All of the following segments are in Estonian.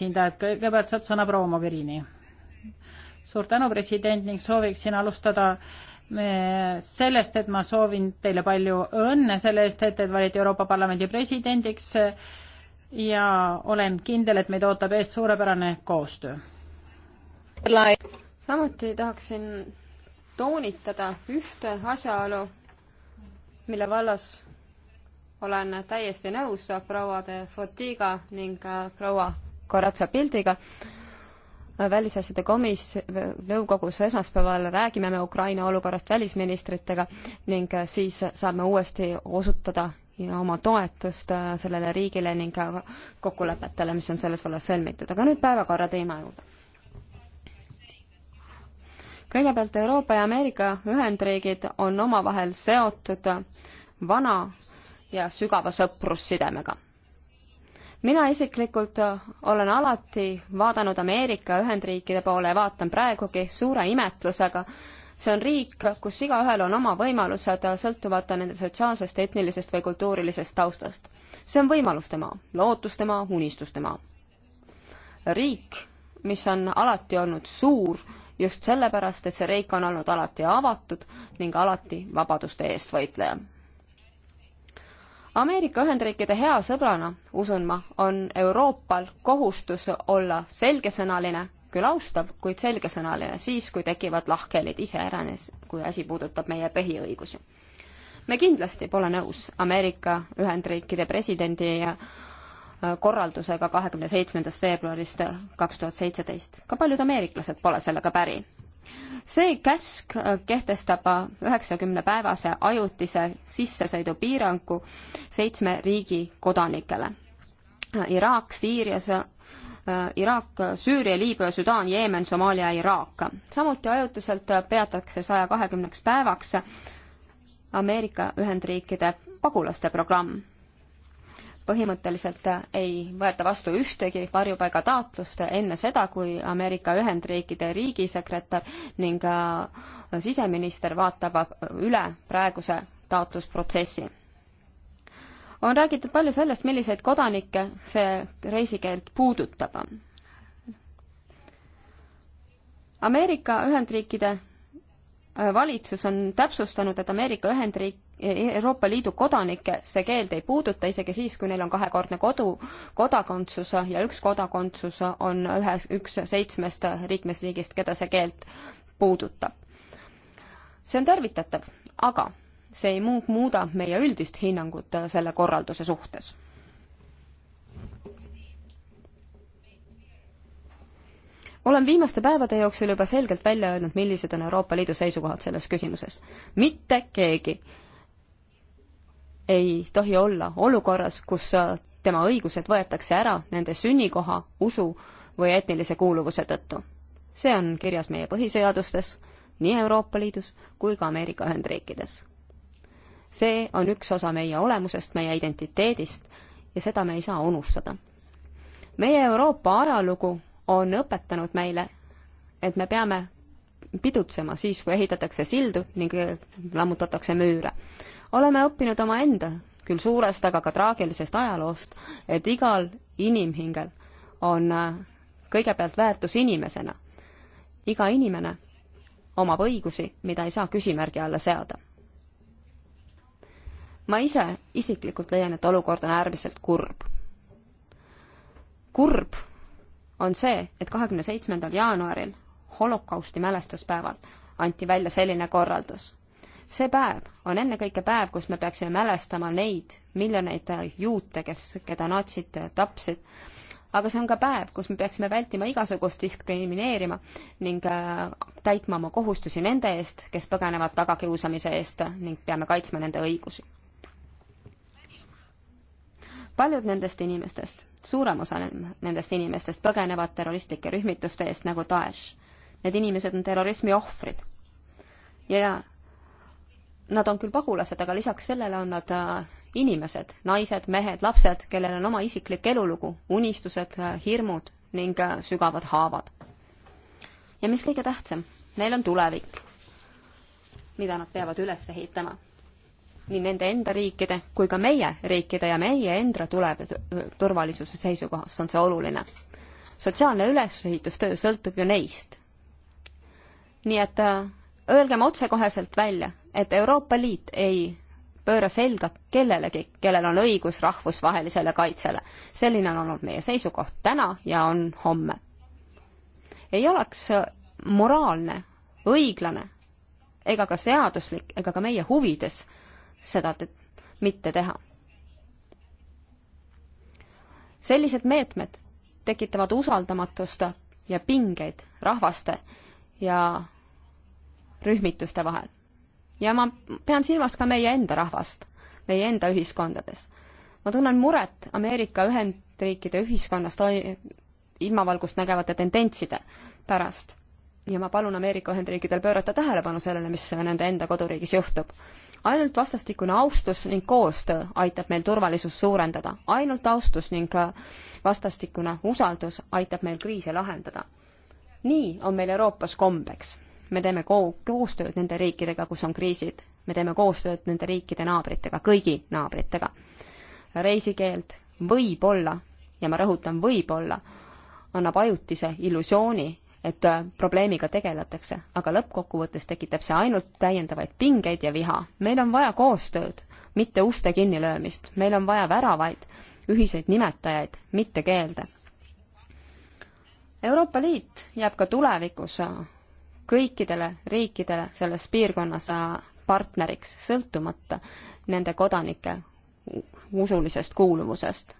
esindajad, kõigepealt saab sõna proua Mogherini. suur tänu, president, ning sooviksin alustada sellest, et ma soovin teile palju õnne selle eest, et te valiti Euroopa Parlamendi presidendiks ja olen kindel, et meid ootab ees suurepärane koostöö. samuti tahaksin toonitada ühte asjaolu, mille vallas olen täiesti nõus proua de Fotiga ning proua korratsa pildiga. välisasjade komis-, nõukogus esmaspäeval räägime me Ukraina olukorrast välisministritega ning siis saame uuesti osutada ja oma toetust sellele riigile ning ka kokkulepetele, mis on selles vallas sõlmitud. aga nüüd päevakorra teema juurde. kõigepealt Euroopa ja Ameerika Ühendriigid on omavahel seotud vana ja sügava sõprussidemega mina isiklikult äh, olen alati vaadanud Ameerika Ühendriikide poole ja vaatan praegugi suure imetlusega. see on riik, kus igaühel on oma võimalused, äh, sõltuvalt nende sotsiaalsest, etnilisest või kultuurilisest taustast. see on võimaluste maa, lootuste maa, unistuste maa. riik, mis on alati olnud suur just sellepärast, et see riik on olnud alati avatud ning alati vabaduste eest võitleja Ameerika Ühendriikide hea sõbrana, usun ma, on Euroopal kohustus olla selgesõnaline, küll austav, kuid selgesõnaline siis, kui tekivad lahkhelid iseäranis, kui asi puudutab meie põhiõigusi. me kindlasti pole nõus Ameerika Ühendriikide presidendi korraldusega kahekümne seitsmendast veebruarist kaks tuhat seitseteist. ka paljud ameeriklased pole sellega päri. see käsk kehtestab üheksakümne päevase ajutise sissesõidupiirangu seitsme riigi kodanikele. Iraak, Siirias, Iraak, Süüria, Liibüa, Sudaan, Jeemen, Somaalia, Iraak. samuti ajutiselt peatakse saja kahekümneks päevaks Ameerika Ühendriikide pagulaste programm põhimõtteliselt ei võeta vastu ühtegi varjupaigataotlust enne seda, kui Ameerika Ühendriikide riigisekretär ning äh, siseminister vaatab üle praeguse taotlusprotsessi. on räägitud palju sellest, milliseid kodanikke see reisikeeld puudutab. Ameerika Ühendriikide äh, valitsus on täpsustanud, et Ameerika Ühendriik Euroopa Liidu kodanikke see keeld ei puuduta, isegi siis, kui neil on kahekordne kodu, kodakondsus ja üks kodakondsus on ühe, üks seitsmest liikmesriigist, keda see keeld puudutab. see on tervitatav, aga see ei muuda meie üldist hinnangut selle korralduse suhtes. olen viimaste päevade jooksul juba selgelt välja öelnud, millised on Euroopa Liidu seisukohad selles küsimuses. mitte keegi ei tohi olla olukorras, kus äh, tema õigused võetakse ära nende sünnikoha, usu või etnilise kuuluvuse tõttu. see on kirjas meie põhiseadustes, nii Euroopa Liidus kui ka Ameerika Ühendriikides. see on üks osa meie olemusest, meie identiteedist ja seda me ei saa unustada. meie Euroopa ajalugu on õpetanud meile, et me peame pidutsema siis, kui ehitatakse sildu ning äh, lammutatakse müüre oleme õppinud omaenda, küll suurest, aga ka traagilisest ajaloost, et igal inimhingel on äh, kõigepealt väärtus inimesena. iga inimene omab õigusi, mida ei saa küsimärgi alla seada. ma ise isiklikult leian, et olukord on äärmiselt kurb. kurb on see, et kahekümne seitsmendal jaanuaril holokausti mälestuspäeval anti välja selline korraldus see päev on ennekõike päev, kus me peaksime mälestama neid miljoneid juute, kes, keda natsid tapsid. aga see on ka päev, kus me peaksime vältima igasugust diskrimineerima ning äh, täitma oma kohustusi nende eest, kes põgenevad tagakiusamise eest ning peame kaitsma nende õigusi. paljud nendest inimestest, suurem osa nendest inimestest põgenevad terroristlike rühmituste eest nagu Daesh. Need inimesed on terrorismi ohvrid ja nad on küll pagulased, aga lisaks sellele on nad äh, inimesed, naised, mehed, lapsed, kellel on oma isiklik elulugu, unistused, äh, hirmud ning äh, sügavad haavad. ja mis kõige tähtsam, neil on tulevik, mida nad peavad üles ehitama. nii nende enda riikide kui ka meie riikide ja meie enda tulev-, turvalisuse seisukohast on see oluline. sotsiaalne ülesehitustöö sõltub ju neist. nii et öelgem otsekoheselt välja, et Euroopa Liit ei pööra selga kellelegi, kellel on õigus rahvusvahelisele kaitsele. selline on olnud meie seisukoht täna ja on homme. ei oleks moraalne, õiglane ega ka seaduslik ega ka meie huvides seda te mitte teha. sellised meetmed tekitavad usaldamatust ja pingeid rahvaste ja rühmituste vahel ja ma pean silmas ka meie enda rahvast, meie enda ühiskondades. ma tunnen muret Ameerika Ühendriikide ühiskonnas toi-, ilmavalgust nägevate tendentside pärast. ja ma palun Ameerika Ühendriikidel pöörata tähelepanu sellele, mis nende enda koduriigis juhtub. ainult vastastikune austus ning koostöö aitab meil turvalisust suurendada. ainult austus ning äh, vastastikune usaldus aitab meil kriise lahendada. nii on meil Euroopas kombeks me teeme ko-, koostööd nende riikidega, kus on kriisid. me teeme koostööd nende riikide naabritega, kõigi naabritega. reisikeeld võib-olla, ja ma rõhutan, võib-olla, annab ajutise illusiooni, et äh, probleemiga tegeletakse, aga lõppkokkuvõttes tekitab see ainult täiendavaid pingeid ja viha. meil on vaja koostööd, mitte uste kinnilöömist, meil on vaja väravaid, ühiseid nimetajaid, mitte keelde Euroopa Liit jääb ka tulevikus äh, kõikidele riikidele selles piirkonnas äh, partneriks, sõltumata nende kodanike usulisest kuuluvusest.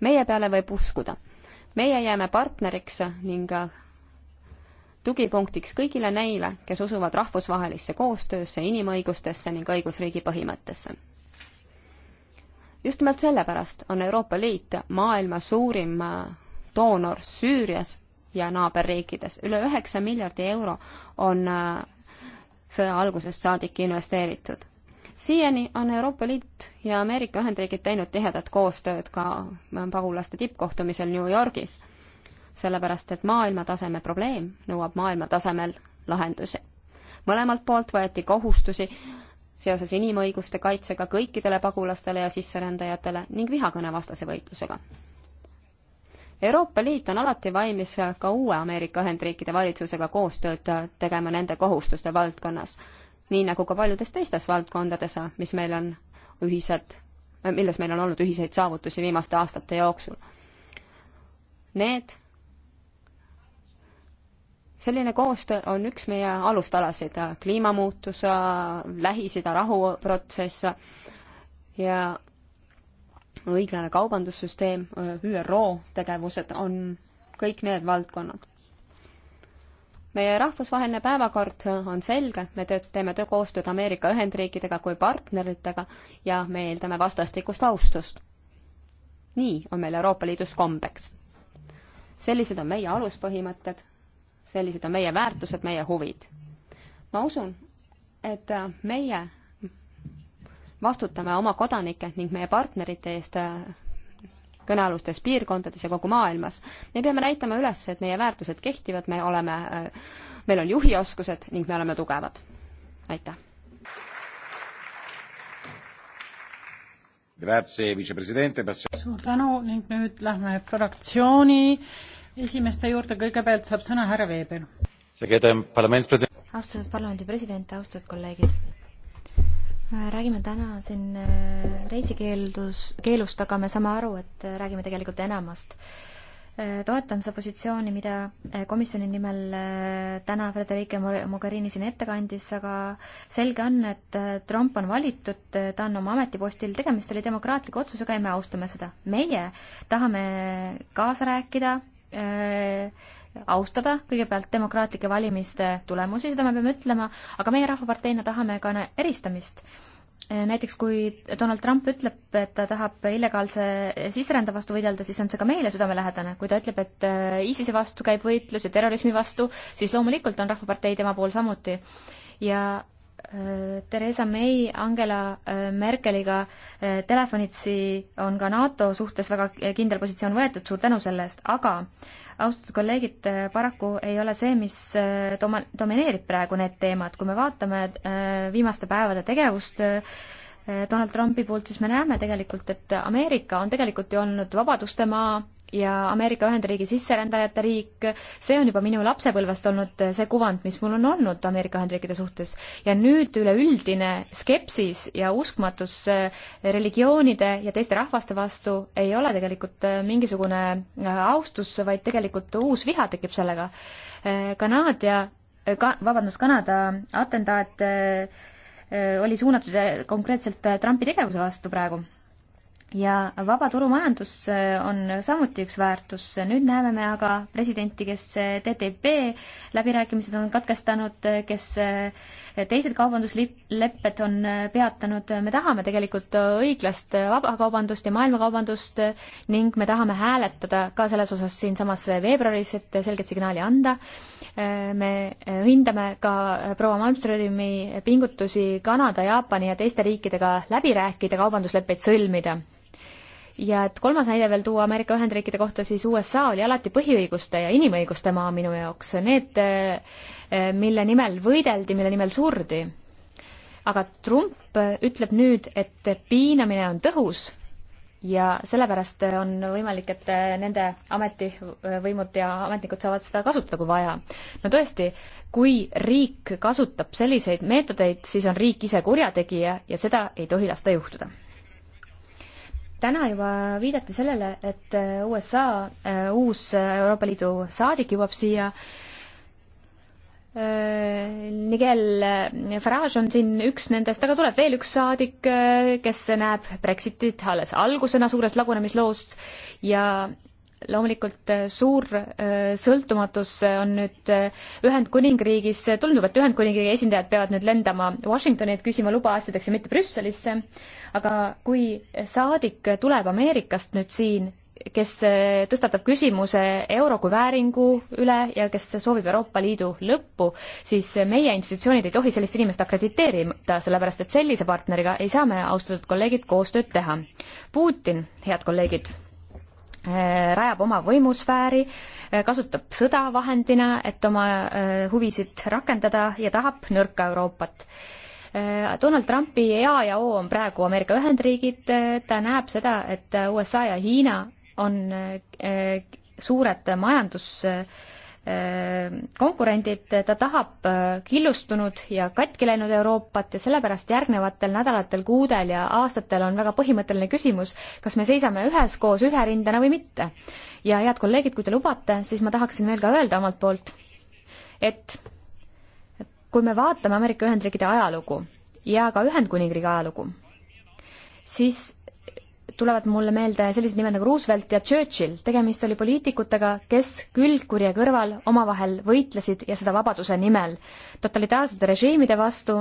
meie peale võib uskuda. meie jääme partneriks ning äh, tugipunktiks kõigile neile, kes usuvad rahvusvahelisse koostöösse, inimõigustesse ning õigusriigi põhimõttesse. just nimelt sellepärast on Euroopa Liit maailma suurim äh, doonor Süürias ja naaberriikides. üle üheksa miljardi euro on äh, sõja algusest saadik investeeritud. siiani on Euroopa Liit ja Ameerika Ühendriigid teinud tihedat koostööd ka äh, pagulaste tippkohtumisel New Yorgis, sellepärast et maailmataseme probleem nõuab maailmatasemel lahendusi. mõlemalt poolt võeti kohustusi seoses inimõiguste kaitsega kõikidele pagulastele ja sisserändajatele ning vihakõnevastase võitlusega Euroopa Liit on alati valmis ka uue Ameerika Ühendriikide valitsusega koostööd tegema nende kohustuste valdkonnas, nii nagu ka paljudes teistes valdkondades, mis meil on ühised, milles meil on olnud ühiseid saavutusi viimaste aastate jooksul. Need, selline koostöö on üks meie alustalasid, kliimamuutus, Lähis-Ida rahuprotsess ja õiglane kaubandussüsteem, ÜRO tegevused on kõik need valdkonnad. meie rahvusvaheline päevakord on selge, me teeme koostööd Ameerika Ühendriikidega kui partneritega ja me eeldame vastastikust austust. nii on meil Euroopa Liidus kombeks. sellised on meie aluspõhimõtted, sellised on meie väärtused, meie huvid. ma usun, et meie vastutame oma kodanike ning meie partnerite eest äh, kõnealustes piirkondades ja kogu maailmas. me peame näitama üles, et meie väärtused kehtivad, me oleme, äh, meil on juhioskused ning me oleme tugevad. aitäh! suur tänu ning nüüd lähme fraktsiooni esimeste juurde, kõigepealt saab sõna härra Veeber. austatud parlamendi president, austatud kolleegid! räägime täna siin äh, reisikeeldus, keelust, aga me saame aru, et äh, räägime tegelikult enamast. Äh, toetan seda positsiooni, mida komisjoni nimel täna Frederica Mogherini siin ette kandis, aga selge on, et Trump on valitud, ta on oma ametipostil, tegemist oli demokraatliku otsusega ja me austame seda. meie tahame kaasa rääkida austada kõigepealt demokraatlike valimiste tulemusi, seda me peame ütlema, aga meie Rahvaparteina tahame ka eristamist. näiteks kui Donald Trump ütleb, et ta tahab illegaalse sisserände vastu võidelda, siis on see ka meile südamelähedane. kui ta ütleb, et äh, ISISe vastu käib võitlus ja terrorismi vastu, siis loomulikult on Rahvapartei tema pool samuti. ja äh, Theresa May Angela äh, Merkeliga telefonitsi on ka NATO suhtes väga kindel positsioon võetud, suur tänu selle eest, aga austatud kolleegid, äh, paraku ei ole see, mis doma-, äh, domineerib praegu need teemad, kui me vaatame äh, viimaste päevade tegevust, Donald Trumpi poolt, siis me näeme tegelikult, et Ameerika on tegelikult ju olnud vabaduste maa, ja Ameerika Ühendriigi sisserändajate riik, see on juba minu lapsepõlvest olnud see kuvand, mis mul on olnud Ameerika Ühendriikide suhtes. ja nüüd üleüldine skepsis ja uskmatus äh, religioonide ja teiste rahvaste vastu ei ole tegelikult äh, mingisugune äh, austus, vaid tegelikult uus viha tekib sellega. Kanaadia, ka-, vabandust, Kanada atentaat oli suunatud konkreetselt Trumpi tegevuse vastu praegu ja vaba turumajandus äh, on samuti üks väärtus, nüüd näeme me aga presidenti, kes äh, TTP läbirääkimised on katkestanud, äh, kes teised kaubanduslepped on peatanud, me tahame tegelikult õiglast vabakaubandust ja maailmakaubandust ning me tahame hääletada ka selles osas siinsamas veebruaris, et selget signaali anda. me hindame ka proua Malmströmi pingutusi Kanada, Jaapani ja teiste riikidega läbi rääkida, kaubandusleppeid sõlmida ja et kolmas näide veel tuua Ameerika Ühendriikide kohta, siis USA oli alati põhiõiguste ja inimõiguste maa minu jaoks, need, eh, eh, mille nimel võideldi, mille nimel surdi. aga Trump ütleb nüüd, et piinamine on tõhus ja sellepärast on võimalik, et eh, nende ametivõimud ja ametnikud saavad seda kasutada, kui vaja. no tõesti, kui riik kasutab selliseid meetodeid, siis on riik ise kurjategija ja seda ei tohi lasta juhtuda täna juba viidati sellele, et äh, USA äh, uus äh, Euroopa Liidu saadik jõuab siia. Nigel Farage on siin üks nendest, aga tuleb veel üks saadik, kes näeb Brexitit alles algusena suurest lagunemissoost ja loomulikult äh, suur äh, sõltumatus äh, on nüüd Ühendkuningriigis tulnud, et Ühendkuningriigi esindajad peavad nüüd lendama Washingtoni, et küsima luba asjadeks ja mitte Brüsselisse. aga kui saadik tuleb Ameerikast nüüd siin, kes tõstatab küsimuse euro kui vääringu üle ja kes soovib Euroopa Liidu lõppu, siis meie institutsioonid ei tohi sellist inimest akrediteerida, sellepärast et sellise partneriga ei saa me, austatud kolleegid, koostööd teha. Putin, head kolleegid Eh, rajab oma võimusfääri, eh, kasutab sõda vahendina, et oma eh, huvisid rakendada ja tahab nõrka Euroopat. Donald Trumpi ja ja O on praegu Ameerika Ühendriigid, ta näeb seda, et USA ja Hiina on suured majandus äh, konkurendid, ta tahab äh, killustunud ja katki läinud Euroopat ja sellepärast järgnevatel nädalatel, kuudel ja aastatel on väga põhimõtteline küsimus, kas me seisame üheskoos ühe rindena või mitte. ja head kolleegid, kui te lubate, siis ma tahaksin veel ka öelda omalt poolt, et kui me vaatame Ameerika Ühendriikide ajalugu ja ka Ühendkuningriigi ajalugu, siis tulevad mulle meelde sellised nimed nagu Roosevelt ja Churchill. tegemist oli poliitikutega, kes külgkurje kõrval omavahel võitlesid ja seda vabaduse nimel totalitaarsete režiimide vastu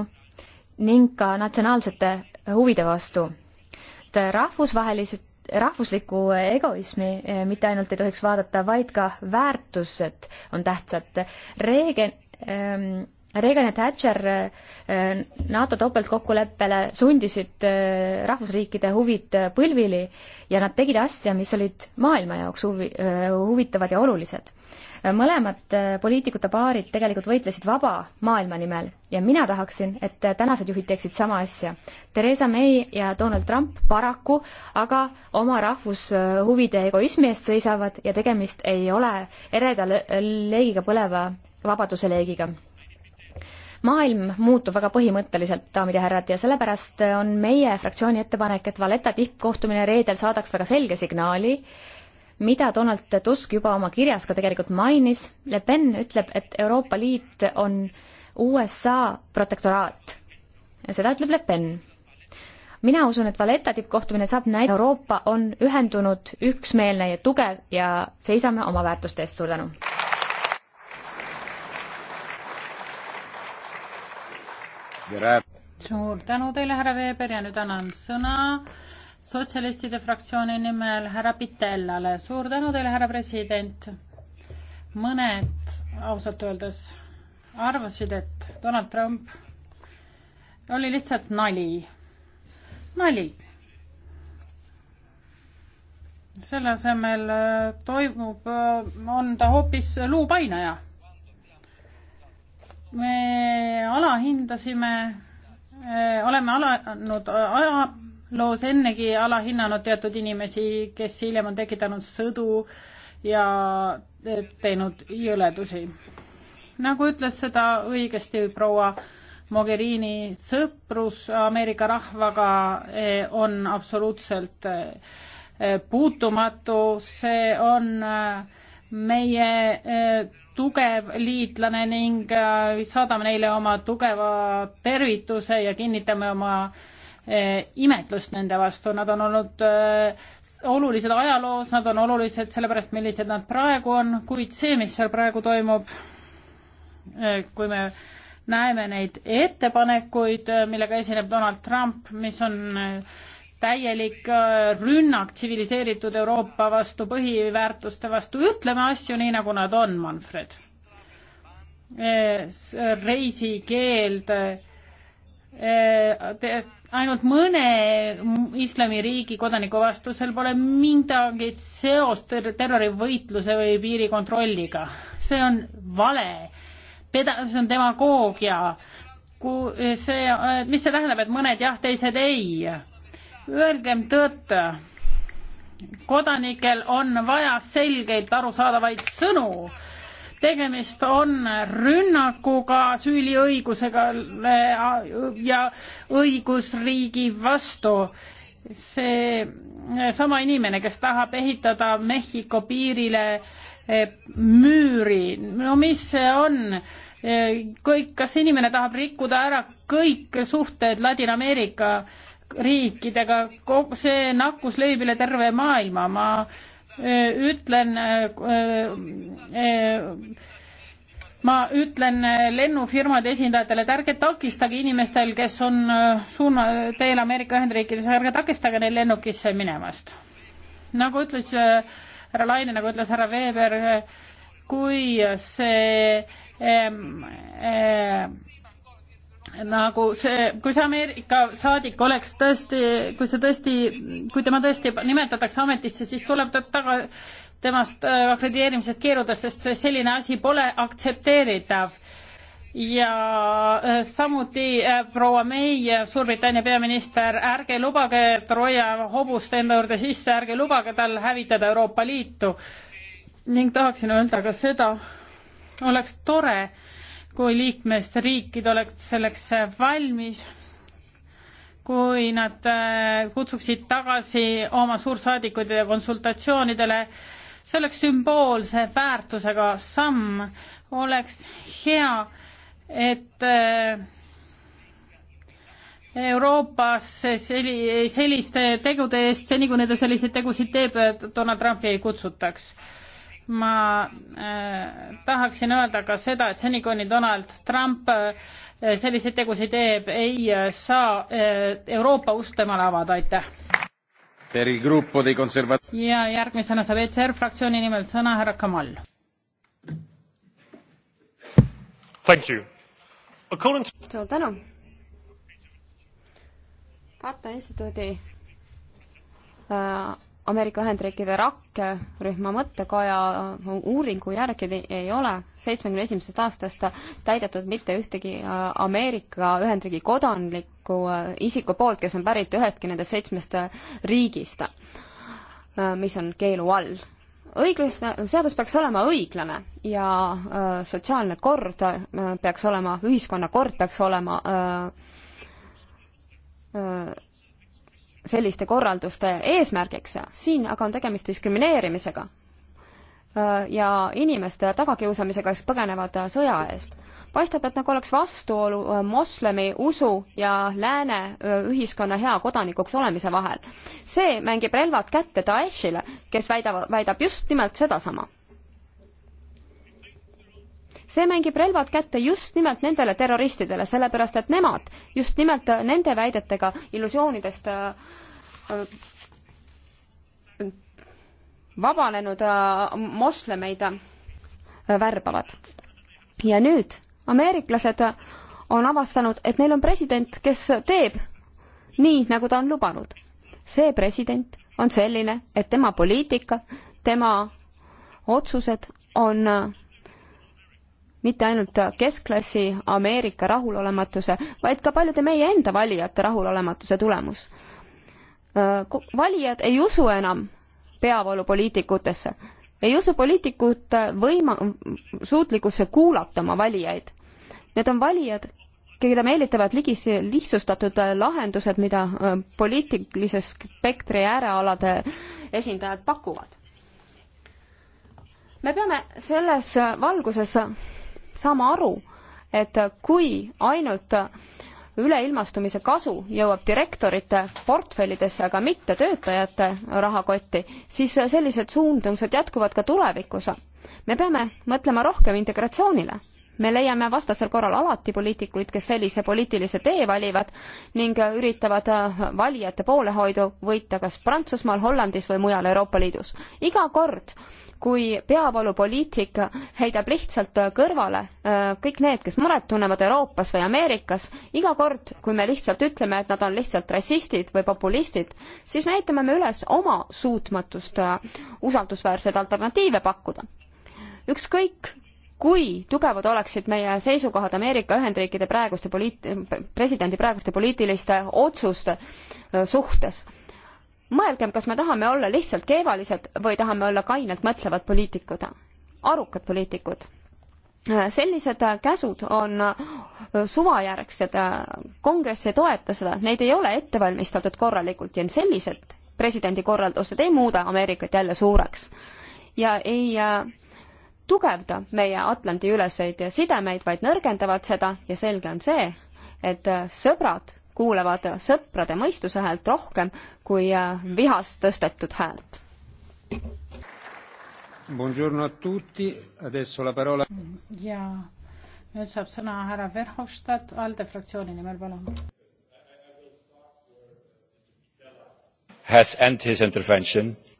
ning ka natsionaalsete huvide vastu. et rahvusvahelised, rahvuslikku egoismi eh, mitte ainult ei tohiks vaadata, vaid ka väärtused on tähtsad. Reegen ähm,, Reagan ja Thatcher äh, NATO topeltkokkuleppele sundisid äh, rahvusriikide huvid äh, põlvili ja nad tegid asja, mis olid maailma jaoks huvi, huvitavad ja olulised. mõlemad poliitikute paarid tegelikult võitlesid vaba maailma nimel ja mina tahaksin, et tänased juhid teeksid sama asja. Theresa May ja Donald Trump paraku aga oma rahvushuvide egoismi eest seisavad ja tegemist ei ole ereda leegiga põleva vabaduse leegiga maailm muutub väga põhimõtteliselt, daamid ja härrad, ja sellepärast on meie fraktsiooni ettepanek, et Valeta tippkohtumine reedel saadaks väga selge signaali, mida Donald Tusk juba oma kirjas ka tegelikult mainis, Le Pen ütleb, et Euroopa Liit on USA protektoraat. seda ütleb Le Pen mina usun, et Valeta tippkohtumine saab näida, Euroopa on ühendunud, üksmeelne ja tugev ja seisame oma väärtuste eest, suur tänu! suur tänu teile, härra Veeber ja nüüd annan sõna sotsialistide fraktsiooni nimel härra Pitellale. suur tänu teile, härra president. mõned ausalt öeldes arvasid, et Donald Trump oli lihtsalt nali, nali. selle asemel äh, toimub, äh, on ta hoopis luupainaja me alahindasime, äh, oleme alanud äh, ajaloos ennegi alahinnanud teatud inimesi, kes hiljem on tekitanud sõdu ja teinud jõledusi. nagu ütles seda õigesti proua Mogherini sõprus Ameerika rahvaga äh, on absoluutselt puutumatu, see on äh, meie eh, tugev liitlane ning eh, saadame neile oma tugeva tervituse ja kinnitame oma eh, imetlust nende vastu, nad on olnud olulised ajaloos, nad on olulised sellepärast, millised nad praegu on, kuid see, mis seal praegu toimub, kui me näeme neid ettepanekuid, millega esineb Donald Trump, mis on äh, täielik äh, rünnak tsiviliseeritud Euroopa vastu, põhiväärtuste vastu, ütleme asju nii, nagu nad on, Manfred. Äh, reisikeeld, äh, ainult mõne islamiriigi kodaniku vastu, seal pole mingit seost terrorivõitluse või piirikontrolliga. see on vale, peda-, see on demagoogia, ku- see, mis see tähendab, et mõned jah, teised ei öelgem tõtt, kodanikel on vaja selgeid arusaadavaid sõnu. tegemist on rünnakuga süüliõigusega ja õigusriigi vastu. see sama inimene, kes tahab ehitada Mehhiko piirile eh, müüri, no mis see on? Eh, kõik, kas inimene tahab rikkuda ära kõik suhted Ladina-Ameerika riikidega, see nakkus levib üle terve maailma, ma ütlen ma ütlen lennufirmade esindajatele, et ärge takistage inimestel, kes on suuna-, teel Ameerika Ühendriikides, ärge takistage neil lennukisse minemast. nagu ütles härra Laine, nagu ütles härra Veeber, kui see ähm, ähm, nagu see, kui see Ameerika saadik oleks tõesti, kui see tõesti, kui tema tõesti nimetatakse ametisse, siis tuleb ta taga temast äh, akrediteerimisest keeruda, sest selline asi pole aktsepteeritav. ja äh, samuti äh, proua May, Suurbritannia peaminister, ärge lubage Troja hobust enda juurde sisse, ärge lubage tal hävitada Euroopa Liitu. ning tahaksin öelda ka seda, oleks tore, kui liikmesriikid oleks selleks valmis, kui nad äh, kutsuksid tagasi oma suursaadikuid konsultatsioonidele, see oleks sümboolse väärtusega samm, oleks hea, et äh, Euroopas selliste tegude eest, seni kui ta selliseid tegusid teeb, Donald Trumpi ei kutsutaks ma äh, tahaksin öelda ka seda, et seni, kuni Donald Trump äh, selliseid tegusid teeb, ei äh, saa äh, Euroopa ust temale avada, aitäh. ja järgmisena saab ECR fraktsiooni nimel sõna härra Kamal. suur tänu. Katta instituudi äh, Ameerika Ühendriikide rakkerühma mõttekoja uuringu järgi ei ole seitsmekümne esimesest aastast täidetud mitte ühtegi äh, Ameerika Ühendriigi kodanliku äh, isiku poolt, kes on pärit ühestki nendest seitsmest äh, riigist, mis on keelu all. õiglus, seadus peaks olema õiglane ja sotsiaalne kord peaks olema, ühiskonna kord peaks olema öö, öö, selliste korralduste eesmärgiks. siin aga on tegemist diskrimineerimisega ja inimeste tagakiusamisega, kes põgenevad sõja eest. paistab, et nagu oleks vastuolu moslemi usu ja lääne ühiskonna hea kodanikuks olemise vahel. see mängib relvad kätte Daeshile, kes väidavad, väidab just nimelt sedasama see mängib relvad kätte just nimelt nendele terroristidele, sellepärast et nemad just nimelt nende väidetega illusioonidest äh, vabanenud äh, moslemeid äh, värbavad. ja nüüd ameeriklased on avastanud, et neil on president, kes teeb nii, nagu ta on lubanud. see president on selline, et tema poliitika, tema otsused on mitte ainult keskklassi Ameerika rahulolematuse, vaid ka paljude meie enda valijate rahulolematuse tulemus. valijad ei usu enam peavoolupoliitikutesse, ei usu poliitikute võima-, suutlikkusse kuulata oma valijaid. Need on valijad, keda meelitavad ligi lihtsustatud lahendused, mida äh, poliitilise spektri äärealade esindajad pakuvad. me peame selles valguses saama aru, et kui ainult üleilmastumise kasu jõuab direktorite portfellidesse, aga mitte töötajate rahakotti, siis sellised suundumused jätkuvad ka tulevikus. me peame mõtlema rohkem integratsioonile me leiame vastasel korral alati poliitikuid, kes sellise poliitilise tee valivad ning üritavad äh, valijate poolehoidu võita kas Prantsusmaal, Hollandis või mujal Euroopa Liidus. iga kord, kui peavoolupoliitik heidab lihtsalt kõrvale äh, kõik need, kes muret tunnevad Euroopas või Ameerikas, iga kord, kui me lihtsalt ütleme, et nad on lihtsalt rassistid või populistid, siis näitame me üles oma suutmatust äh, usaldusväärseid alternatiive pakkuda ükskõik, kui tugevad oleksid meie seisukohad Ameerika Ühendriikide praeguste poliit-, presidendi praeguste poliitiliste otsuste suhtes. mõelgem, kas me tahame olla lihtsalt keevalised või tahame olla kainelt mõtlevad poliitikud, arukad poliitikud. sellised käsud on suvajärgsed, kongress ei toeta seda, neid ei ole ette valmistatud korralikult ja sellised presidendi korraldused ei muuda Ameerikat jälle suureks ja ei äh, tugevda meie Atlandi-üleseid sidemeid, vaid nõrgendavad seda ja selge on see, et äh, sõbrad kuulevad sõprade mõistuse häält rohkem kui äh, vihast tõstetud häält. ja nüüd saab sõna härra Verhofstadt ALDE fraktsiooni nimel, palun.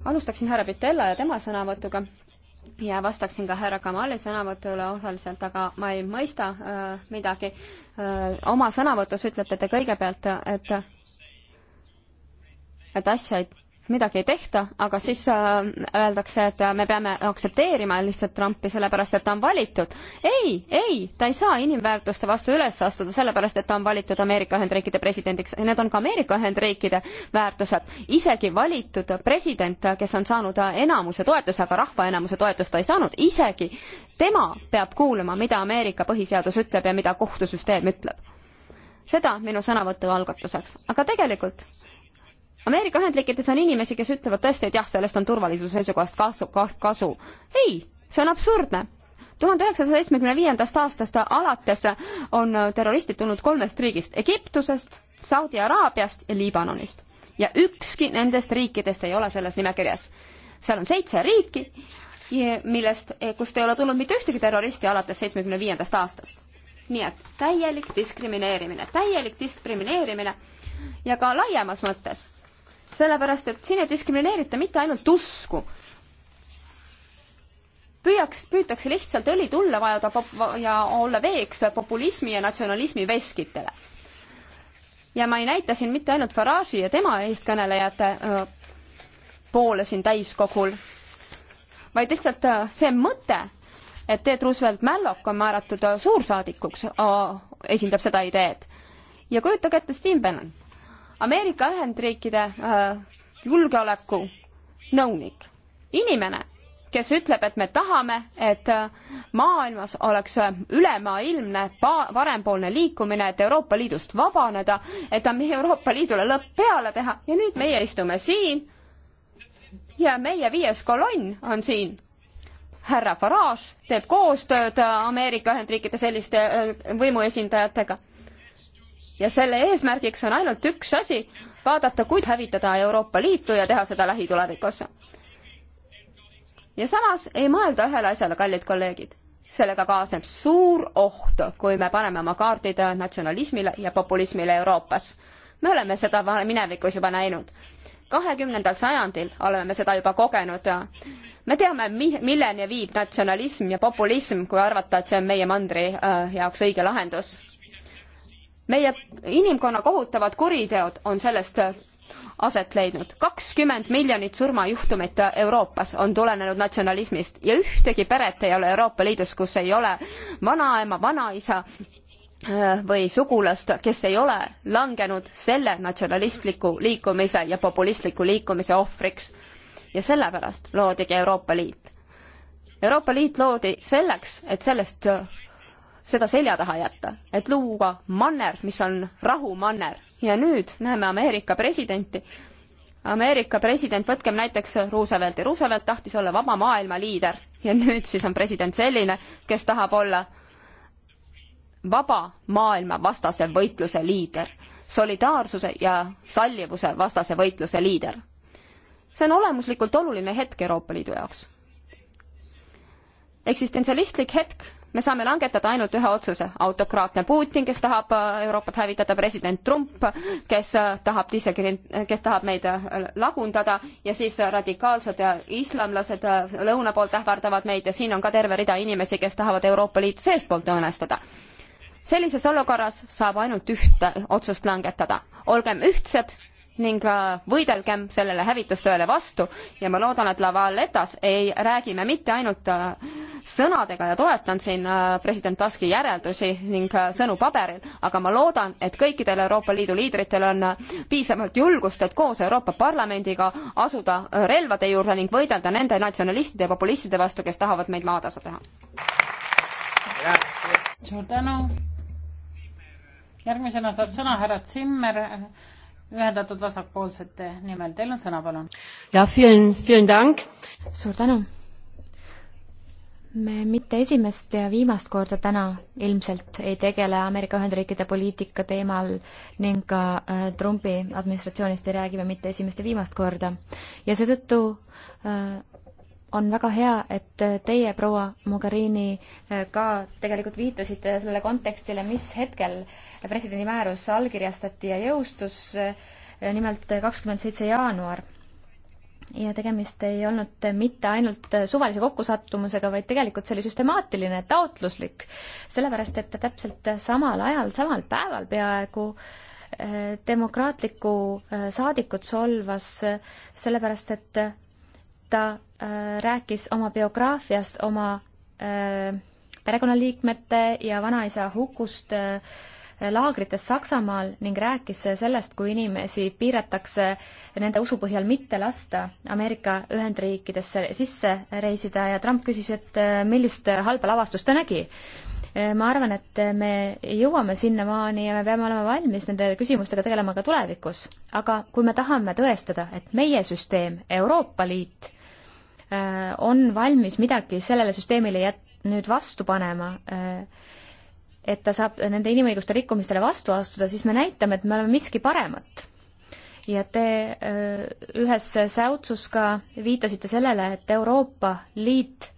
alustaksin härra Pitella ja tema sõnavõtuga ja vastaksin ka härra Kamali sõnavõtule osaliselt, aga ma ei mõista äh, midagi äh,. oma sõnavõtus ütlete te kõigepealt, et et asja ei midagi ei tehta, aga siis äh, öeldakse, et äh, me peame aktsepteerima lihtsalt Trumpi, sellepärast et ta on valitud. ei, ei, ta ei saa inimväärtuste vastu üles astuda, sellepärast et ta on valitud Ameerika Ühendriikide presidendiks. Need on ka Ameerika Ühendriikide väärtused. isegi valitud president, kes on saanud enamuse toetuse, aga rahva enamuse toetust ta ei saanud, isegi tema peab kuulama, mida Ameerika põhiseadus ütleb ja mida kohtusüsteem ütleb seda minu sõnavõtu algatuseks. aga tegelikult Ameerika Ühendriikides on inimesi, kes ütlevad tõesti, et jah, sellest on turvalisuse seisukohast kasu, kasu. ei, see on absurdne. tuhande üheksasaja seitsmekümne viiendast aastast alates on terroristid tulnud kolmest riigist, Egiptusest, Saudi Araabiast ja Liibanonist. ja ükski nendest riikidest ei ole selles nimekirjas. seal on seitse riiki, millest, eh, kust ei ole tulnud mitte ühtegi terroristi alates seitsmekümne viiendast aastast. nii et täielik diskrimineerimine, täielik diskrimineerimine ja ka laiemas mõttes sellepärast et siin ei diskrimineerita mitte ainult usku. püüaks, püütakse lihtsalt õli tulle vajuda ja olla veeks populismi ja natsionalismi veskitele. ja ma ei näita siin mitte ainult Farage'i ja tema eestkõnelejate poole siin täiskogul, vaid lihtsalt see mõte, et Ted Roosevelt Mällock on määratud suursaadikuks, esindab seda ideed. ja kujutage ette Steve Bannon Ameerika Ühendriikide äh, julgeolekunõunik, inimene, kes ütleb, et me tahame, et äh, maailmas oleks äh, ülemaailmne parempoolne liikumine, et Euroopa Liidust vabaneda, et Euroopa Liidule lõpp peale teha ja nüüd meie istume siin ja meie viies kolonn on siin. härra Farage teeb koostööd Ameerika Ühendriikide selliste võimuesindajatega ja selle eesmärgiks on ainult üks asi, vaadata, kuid hävitada Euroopa Liitu ja teha seda lähitulevikus. ja samas ei mõelda ühele asjale, kallid kolleegid. sellega kaasneb suur oht, kui me paneme oma kaardid natsionalismile ja populismile Euroopas. me oleme seda minevikus juba näinud kahekümnendal sajandil oleme me seda juba kogenud ja me teame, milleni viib natsionalism ja populism, kui arvata, et see on meie mandri äh, jaoks õige lahendus meie inimkonna kohutavad kuriteod on sellest aset leidnud. kakskümmend miljonit surmajuhtumit Euroopas on tulenenud natsionalismist ja ühtegi peret ei ole Euroopa Liidus, kus ei ole vanaema, vanaisa äh, või sugulast, kes ei ole langenud selle natsionalistliku liikumise ja populistliku liikumise ohvriks. ja sellepärast loodigi Euroopa Liit. Euroopa Liit loodi selleks, et sellest seda selja taha jätta, et luua manner, mis on rahumanner. ja nüüd näeme Ameerika presidenti. Ameerika president, võtkem näiteks Roosevelti. Roosevelt tahtis olla vaba maailma liider ja nüüd siis on president selline, kes tahab olla vaba maailma vastase võitluse liider, solidaarsuse ja sallivuse vastase võitluse liider. see on olemuslikult oluline hetk Euroopa Liidu jaoks eksistentsialistlik hetk, me saame langetada ainult ühe otsuse. autokraatne Putin, kes tahab äh, Euroopat hävitada, president Trump, kes äh, tahab isegi, kes tahab meid äh, lagundada ja siis radikaalsed islamlased lõuna poolt ähvardavad meid ja siin on ka terve rida inimesi, kes tahavad Euroopa Liitu seestpoolt õõnestada sellises olukorras saab ainult ühte otsust langetada. olgem ühtsed ning äh, võidelgem sellele hävitustööle vastu ja ma loodan, et Lavaletas ei räägi me mitte ainult äh, sõnadega ja toetan siin äh, president Tuski järeldusi ning sõnu paberil, aga ma loodan, et kõikidel Euroopa Liidu liidritel on piisavalt julgust, et koos Euroopa Parlamendiga asuda relvade juurde ning võidelda nende natsionalistide ja populistide vastu, kes tahavad meid maatasa teha. suur tänu. järgmisena saab sõna härra Zimmer ühendatud vasakpoolsete nimel. Teil on sõna, palun. jah, vielen, vielen dank. suur tänu. me mitte esimest ja viimast korda täna ilmselt ei tegele Ameerika Ühendriikide poliitika teemal ning ka äh, Trumpi administratsioonist ei räägi me mitte esimest ja viimast korda. ja seetõttu äh, on väga hea, et teie, proua Mogherini, ka tegelikult viitasite sellele kontekstile, mis hetkel presidendi määrus allkirjastati ja jõustus, eh, nimelt kakskümmend seitse jaanuar. ja tegemist ei olnud mitte ainult suvalise kokkusattumusega, vaid tegelikult see oli süstemaatiline, taotluslik, sellepärast et täpselt samal ajal, samal päeval peaaegu eh, demokraatlikku eh, saadikut solvas, sellepärast et ta äh, rääkis oma biograafiast, oma äh, perekonnaliikmete ja vanaisa hukust äh, laagrites Saksamaal ning rääkis sellest, kui inimesi piiratakse nende usu põhjal mitte lasta Ameerika Ühendriikidesse sisse reisida ja Trump küsis, et millist halba lavastust ta nägi. ma arvan, et me jõuame sinnamaani ja me peame olema valmis nende küsimustega tegelema ka tulevikus. aga kui me tahame tõestada, et meie süsteem, Euroopa Liit Äh, on valmis midagi sellele süsteemile jät-, nüüd vastu panema, äh, et ta saab nende inimõiguste rikkumistele vastu astuda, siis me näitame, et me oleme miski paremat. ja te äh, ühes säutsus ka viitasite sellele, et Euroopa Liit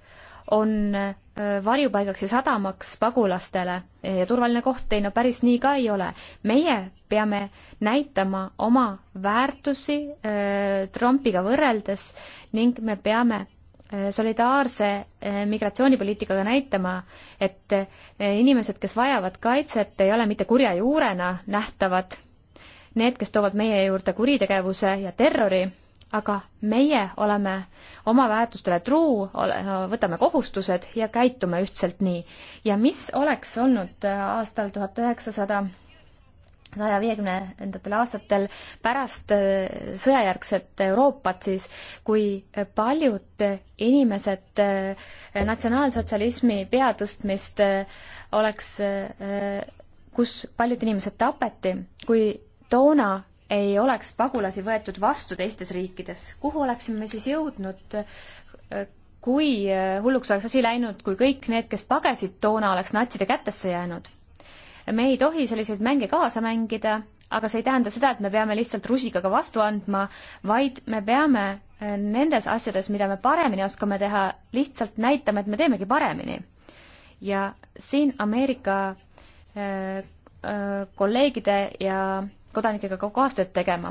on äh, varjupaigaks ja sadamaks pagulastele ja turvaline koht, ei no päris nii ka ei ole. meie peame näitama oma väärtusi äh, Trumpiga võrreldes ning me peame äh, solidaarse migratsioonipoliitikaga näitama, et inimesed, kes vajavad kaitset, ei ole mitte kurja juurena nähtavad, need, kes toovad meie juurde kuritegevuse ja terrori, aga meie oleme oma väärtustele truu, võtame kohustused ja käitume ühtselt nii. ja mis oleks olnud aastal tuhat üheksasada saja viiekümnendatel aastatel pärast äh, sõjajärgset Euroopat siis, kui paljud inimesed äh, natsionaalsotsialismi peatõstmist äh, oleks, kus paljud inimesed tapeti, kui toona ei oleks pagulasi võetud vastu teistes riikides. kuhu oleksime me siis jõudnud, äh, kui äh, hulluks oleks asi läinud, kui kõik need, kes pagesid toona, oleks natside kätesse jäänud? me ei tohi selliseid mänge kaasa mängida, aga see ei tähenda seda, et me peame lihtsalt rusikaga vastu andma, vaid me peame äh, nendes asjades, mida me paremini oskame teha, lihtsalt näitama, et me teemegi paremini. ja siin Ameerika kolleegide ja kodanikega ka koostööd tegema.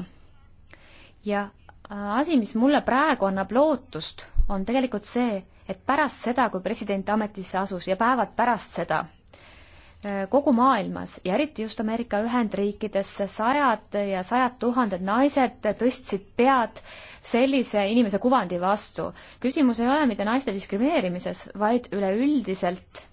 ja äh, asi, mis mulle praegu annab lootust, on tegelikult see, et pärast seda, kui president ametisse asus ja päevad pärast seda, äh, kogu maailmas ja eriti just Ameerika Ühendriikides sajad ja sajad tuhanded naised tõstsid pead sellise inimese kuvandi vastu. küsimus ei ole mitte naiste diskrimineerimises, vaid üleüldiselt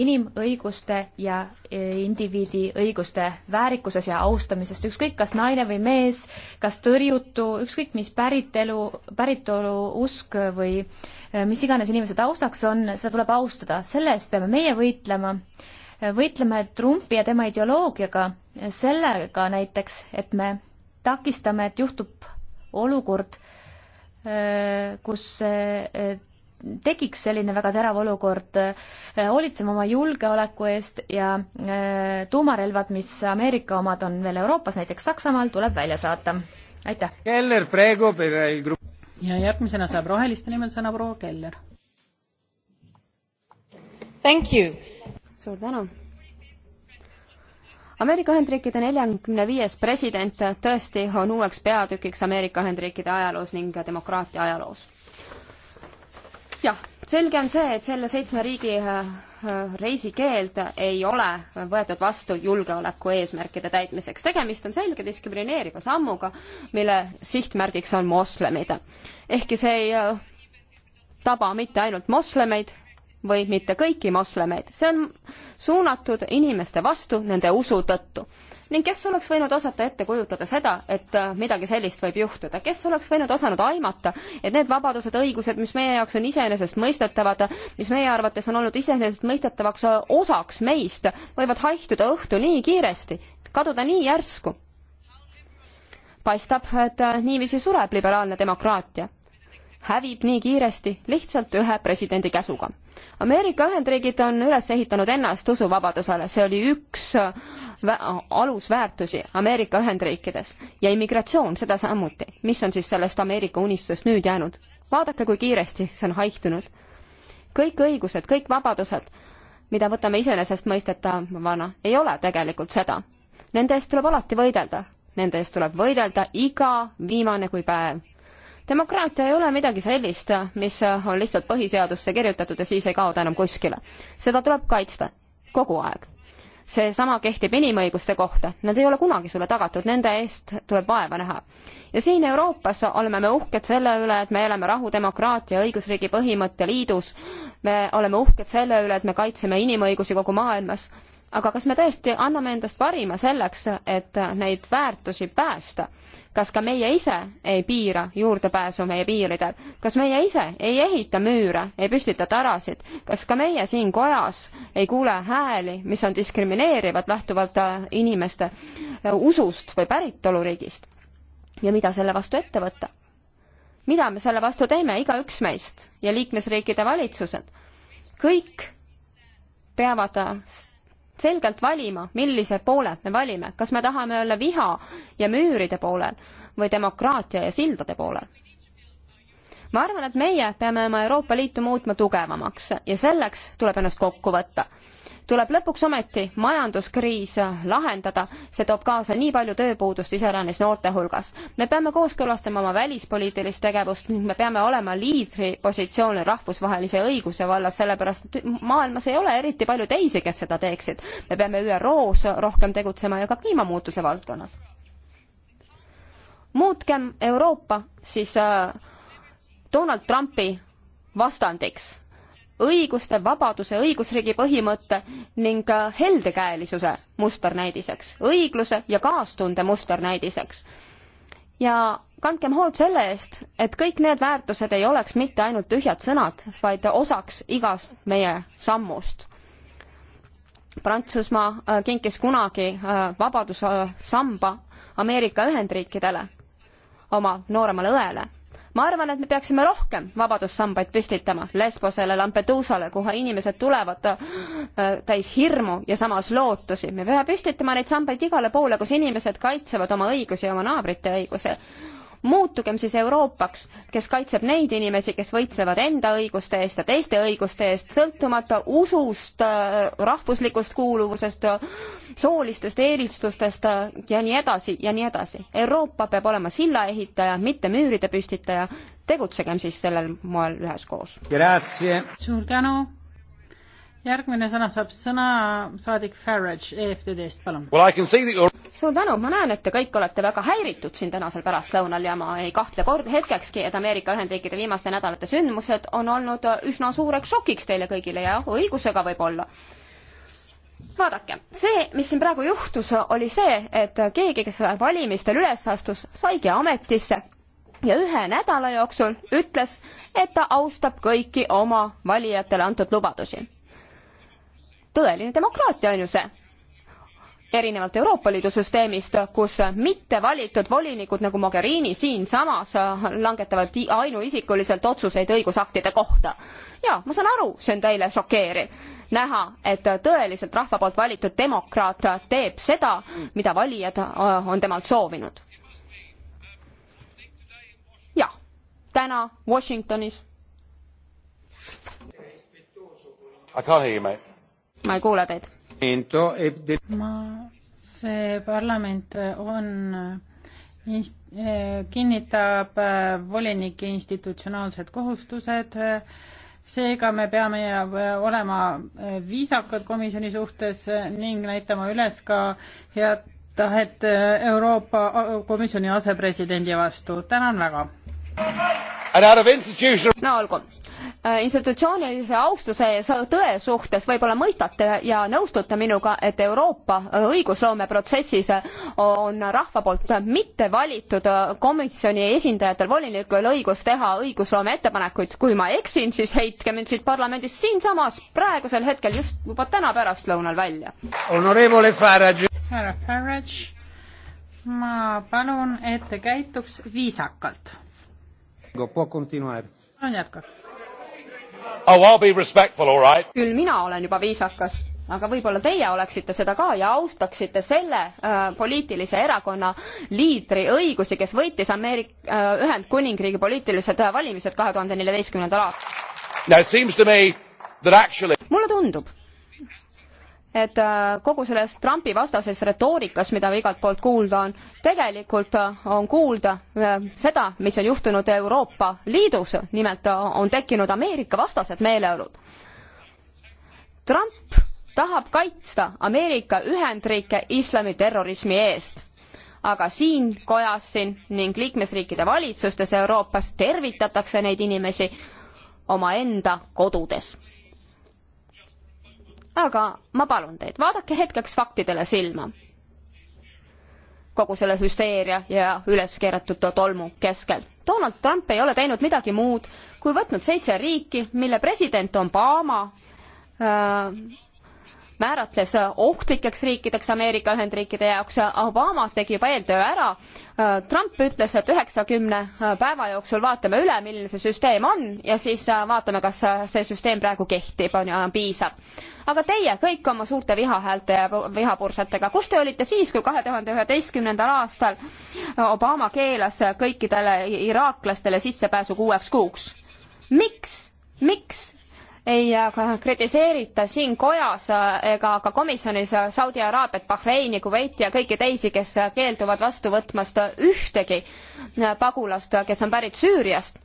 inimõiguste ja e, indiviidi õiguste väärikuses ja austamisest, ükskõik kas naine või mees, kas tõrjutu, ükskõik mis päritelu, päritolu, usk või e, mis iganes inimese taustaks on, seda tuleb austada, selle eest peame meie võitlema. E, võitleme Trumpi ja tema ideoloogiaga, sellega näiteks, et me takistame, et juhtub olukord, kus tekiks selline väga terav olukord, äh, hoolitseme oma julgeoleku eest ja äh, tuumarelvad, mis Ameerika omad on veel Euroopas, näiteks Saksamaal, tuleb välja saata. aitäh! Keller, praegu ja järgmisena saab Roheliste nimel sõna proua Keller. Thank you! suur tänu! Ameerika Ühendriikide neljakümne viies president tõesti on uueks peatükiks Ameerika Ühendriikide ajaloos ning demokraatia ajaloos jah, selge on see, et selle seitsme riigi äh, äh, reisikeeld ei ole võetud vastu julgeoleku eesmärkide täitmiseks. tegemist on selge diskrimineeriva sammuga, mille sihtmärgiks on moslemid. ehkki see ei äh, taba mitte ainult moslemeid või mitte kõiki moslemeid, see on suunatud inimeste vastu nende usu tõttu ning kes oleks võinud osata ette kujutada seda, et äh, midagi sellist võib juhtuda, kes oleks võinud osanud aimata, et need vabadused, õigused, mis meie jaoks on iseenesestmõistetavad, mis meie arvates on olnud iseenesestmõistetavaks äh, osaks meist, võivad haihtuda õhtu nii kiiresti, kaduda nii järsku. paistab, et äh, niiviisi sureb liberaalne demokraatia hävib nii kiiresti lihtsalt ühe presidendi käsuga. Ameerika Ühendriigid on üles ehitanud ennast usuvabadusele, see oli üks äh, alusväärtusi Ameerika Ühendriikides ja immigratsioon seda samuti. mis on siis sellest Ameerika unistusest nüüd jäänud? vaadake, kui kiiresti see on haihtunud. kõik õigused, kõik vabadused, mida võtame iseenesestmõistetavana, ei ole tegelikult seda. Nende eest tuleb alati võidelda, nende eest tuleb võidelda iga viimane kui päev demokraatia ei ole midagi sellist, mis on lihtsalt põhiseadusse kirjutatud ja siis ei kaota enam kuskile. seda tuleb kaitsta kogu aeg seesama kehtib inimõiguste kohta, nad ei ole kunagi sulle tagatud, nende eest tuleb vaeva näha. ja siin Euroopas oleme me uhked selle üle, et me elame rahu, demokraatia, õigusriigi põhimõtte liidus, me oleme uhked selle üle, et me kaitseme inimõigusi kogu maailmas, aga kas me tõesti anname endast parima selleks, et neid väärtusi päästa? kas ka meie ise ei piira juurdepääsu meie piiridel, kas meie ise ei ehita müüre, ei püstita tarasid, kas ka meie siin kojas ei kuule hääli, mis on diskrimineerivad lähtuvalt äh, inimeste äh, usust või päritoluriigist? ja mida selle vastu ette võtta? mida me selle vastu teeme, igaüks meist ja liikmesriikide valitsused? kõik peavad äh, selgelt valima, millise poole me valime, kas me tahame olla viha ja müüride poolel või demokraatia ja sildade poolel. ma arvan, et meie peame oma Euroopa Liitu muutma tugevamaks ja selleks tuleb ennast kokku võtta tuleb lõpuks ometi majanduskriis lahendada, see toob kaasa nii palju tööpuudust iseäranis noorte hulgas. me peame kooskõlastama oma välispoliitilist tegevust ning me peame olema liidri positsioonil rahvusvahelise õiguse vallas, sellepärast et maailmas ei ole eriti palju teisi, kes seda teeksid. me peame ÜRO-s rohkem tegutsema ja ka kliimamuutuse valdkonnas. muutkem Euroopa siis äh, Donald Trumpi vastandiks õiguste, vabaduse, õigusriigi põhimõtte ning äh, heldekäelisuse musternäidiseks, õigluse ja kaastunde musternäidiseks. ja kandkem hoolt selle eest, et kõik need väärtused ei oleks mitte ainult tühjad sõnad, vaid osaks igast meie sammust. Prantsusmaa äh, kinkis kunagi äh, vabadussamba Ameerika Ühendriikidele, oma nooremale õele ma arvan, et me peaksime rohkem vabadussambaid püstitama Lesbosele, Lampeduusale, kuhu inimesed tulevad äh, täis hirmu ja samas lootusi. me peame püstitama neid sambaid igale poole, kus inimesed kaitsevad oma õigusi ja oma naabrite õigusi muutugem siis Euroopaks, kes kaitseb neid inimesi, kes võitlevad enda õiguste eest ja teiste õiguste eest, sõltumata usust, rahvuslikust kuuluvusest, soolistest eelistustest ja nii edasi ja nii edasi. Euroopa peab olema sillaehitaja, mitte müüride püstitaja, tegutsegem siis sellel moel üheskoos. suur tänu! järgmine sõna saab sõna saadik Farage EFTD-st, palun well,. suur tänu, ma näen, et te kõik olete väga häiritud siin tänasel pärastlõunal ja ma ei kahtle kord hetkekski, et Ameerika Ühendriikide viimaste nädalate sündmused on olnud üsna suureks šokiks teile kõigile ja õigusega võib-olla vaadake, see, mis siin praegu juhtus, oli see, et keegi, kes valimistel üles astus, saigi ametisse ja ühe nädala jooksul ütles, et ta austab kõiki oma valijatele antud lubadusi tõeline demokraatia on ju see erinevalt Euroopa Liidu süsteemist, kus mittevalitud volinikud nagu Mogherini siinsamas langetavad ainuisikuliselt otsuseid õigusaktide kohta. jaa, ma saan aru, see on teile šokeeriv näha, et tõeliselt rahva poolt valitud demokraat teeb seda, mida valijad äh, on temalt soovinud. jah, täna Washingtonis. I can't hear you, mate ma ei kuule teid. Eh, ma, see parlament on inst-, eh, kinnitab eh, volinike institutsionaalsed kohustused, seega me peame olema viisakad komisjoni suhtes ning näitama üles ka head tahet Euroopa Komisjoni asepresidendi vastu. tänan väga. no olgu Äh, institutsioonilise austuse ja tõe suhtes võib-olla mõistate ja nõustute minuga, et Euroopa äh, õigusloomeprotsessis äh, on rahva poolt mitte valitud komisjoni esindajatel, volinikel õigus teha õigusloome ettepanekuid. kui ma eksin, siis heitke mind siit parlamendist siinsamas praegusel hetkel just juba täna pärastlõunal välja. härra Farage, ma palun, et te käituks viisakalt. on jätkata? oh, I'll be respectful, all right. küll mina olen juba viisakas, aga võib-olla teie oleksite seda ka ja austaksite selle äh, poliitilise erakonna liidri õigusi, kes võitis Ameerik- äh,, Ühendkuningriigi poliitilised äh, valimised kahe tuhande neljateistkümnendal aastal. mulle tundub, et äh, kogu selles Trumpi vastases retoorikas, mida igalt poolt kuulda on, tegelikult äh, on kuulda äh, seda, mis on juhtunud Euroopa Liidus, nimelt on tekkinud Ameerika vastased meeleolud. Trump tahab kaitsta Ameerika Ühendriike islamiterrorismi eest aga siin kojas siin ning liikmesriikide valitsustes Euroopas tervitatakse neid inimesi omaenda kodudes aga ma palun teid, vaadake hetkeks faktidele silma. kogu selle hüsteeria ja üleskeeratud tolmu keskel. Donald Trump ei ole teinud midagi muud, kui võtnud seitse riiki, mille president Obama äh, määratles ohtlikeks riikideks Ameerika Ühendriikide jaoks. Obama tegi juba eeltöö ära. Trump ütles, et üheksakümne päeva jooksul vaatame üle, milline see süsteem on ja siis vaatame, kas see süsteem praegu kehtib, on ju, piisab. aga teie kõik oma suurte vihahäälte ja vihapursetega, kus te olite siis, kui kahe tuhande üheteistkümnendal aastal Obama keelas kõikidele iraaklastele sissepääsu kuueks kuuks? miks, miks ei kritiseerita siin kojas äh, ega ka komisjonis äh, Saudi Araabiat, Bahreini, Kuveiti ja kõiki teisi, kes äh, keelduvad vastu võtmast ühtegi pagulast, kes on pärit Süüriast.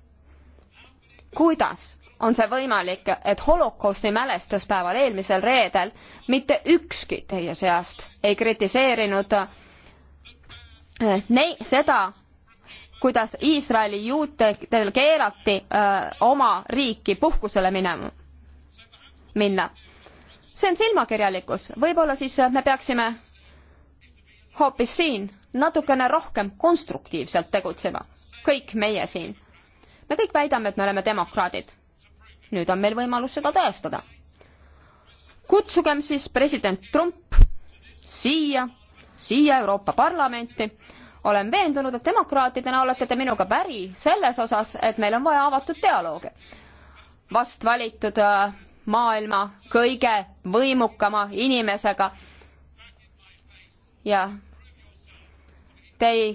kuidas on see võimalik, et holokausti mälestuspäeval eelmisel reedel mitte ükski teie seast ei kritiseerinud nei-, seda, kuidas Iisraeli juutidel keelati öö, oma riiki puhkusele minema minna. see on silmakirjalikkus, võib-olla siis me peaksime hoopis siin natukene rohkem konstruktiivselt tegutsema, kõik meie siin. me kõik väidame, et me oleme demokraadid. nüüd on meil võimalus seda tõestada. kutsugem siis president Trump siia, siia Euroopa Parlamenti. olen veendunud, et demokraatidena olete te minuga päri selles osas, et meil on vaja avatud dialoogi. vast valitud äh, maailma kõige võimukama inimesega. ja te ei,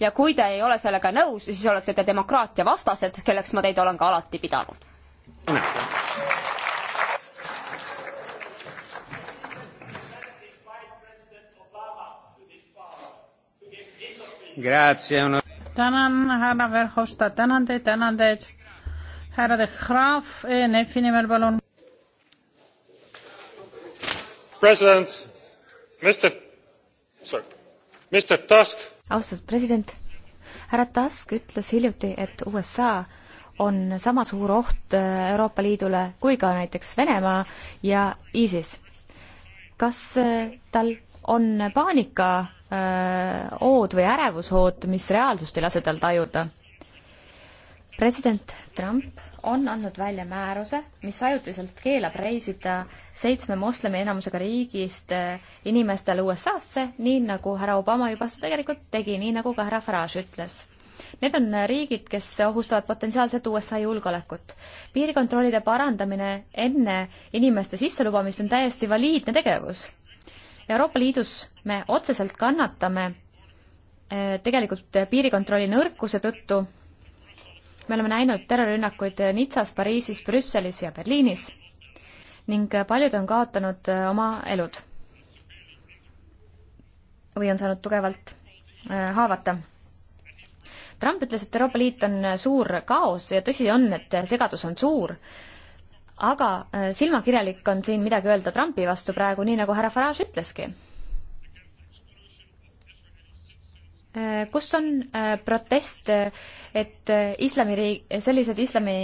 ja kui te ei ole sellega nõus, siis olete te demokraatia vastased, kelleks ma teid olen ka alati pidanud. tänan, härra Verhofstadt, tänan teid, tänan teid. härra De Graaf, ENF-i nimel, palun president, Mr, sorry, Mr Tusk. austatud president, härra Tusk ütles hiljuti, et USA on sama suur oht äh, Euroopa Liidule kui ka näiteks Venemaa ja ISIS. kas äh, tal on paanika äh, ood või ärevushood, mis reaalsust ei lase tal tajuda? president Trump on andnud välja määruse, mis ajutiselt keelab reisida seitsme moslemi enamusega riigist eh, inimestel USA-sse, nii nagu härra Obama juba seda tegelikult tegi, nii nagu ka härra Farage ütles. Need on riigid, kes ohustavad potentsiaalselt USA julgeolekut. piirikontrollide parandamine enne inimeste sisselubamist on täiesti valiidne tegevus. Euroopa Liidus me otseselt kannatame eh, tegelikult piirikontrolli nõrkuse tõttu me oleme näinud terrorirünnakuid Nizzas, Pariisis, Brüsselis ja Berliinis ning paljud on kaotanud äh, oma elud või on saanud tugevalt äh, haavata. Trump ütles, et Euroopa Liit on äh, suur kaos ja tõsi on, et segadus on suur, aga silmakirjalik on siin midagi öelda Trumpi vastu praegu, nii nagu härra Farage ütleski Äh, kus on äh, protest, äh, et islamiriik, sellised islami